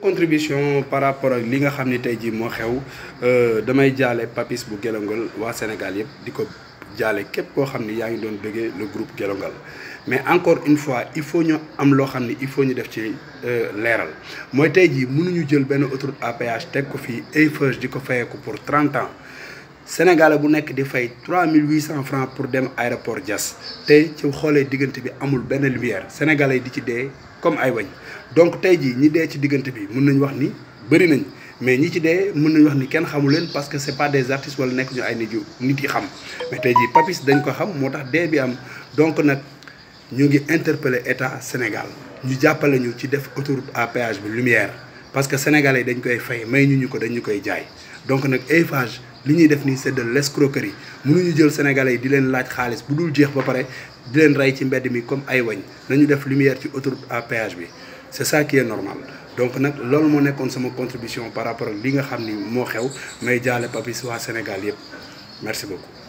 contribution par rapport ak li nga xam ni tey jii moo xew euh, damay jaale papis bu gelongal waa Sénégal yëpp di ko jaale képp koo xam ni yaa ngi doon bëggee le groupe gelongal mais encore une fois il faut ñu am loo xam ni il faut ñu def ci euh, leeral mooy tey jii mënuñu jël benn autoroute à teg ko fii Eiffage di ko fayeeku pour 30 ans Sénégalais bu nekk di fay 3800 francs pour dem aéroport Diass te ci xoolee diggante bi amul benn lumière yi di ci dee comme ay wañ donc tey jii ñi dee ci diggante bi mën nañu wax ni bëri nañ mais ñi ci dee mën nañu wax ni kenn xamu leen parce que c'est pas des artistes wala nekk ñu ay nit yu nit yi xam mais tey jii Papis dañ ko xam moo tax dee bi am donc nag ñu ngi interpeller état Sénégal ñu jàppale ñu ci def autoroute à péage bi lumière parce que sénégalais dañ koy fay may ñu ñu ko dañu koy jaay donc nag Eiffage li ñuy def nii c'est de l'escroquerie mënuñu jël sénégalais yi di leen laaj xaalis bu dul jeex ba pare di leen rey ci mbedd mi comme ay wañ nañu def lumière ci autoroute à bi c'est ça qui est normal donc nag loolu moo nekkoon sama contribution par rapport ak li nga xam ni moo xew may jaale papis waa Sénégal yëpp merci beaucoup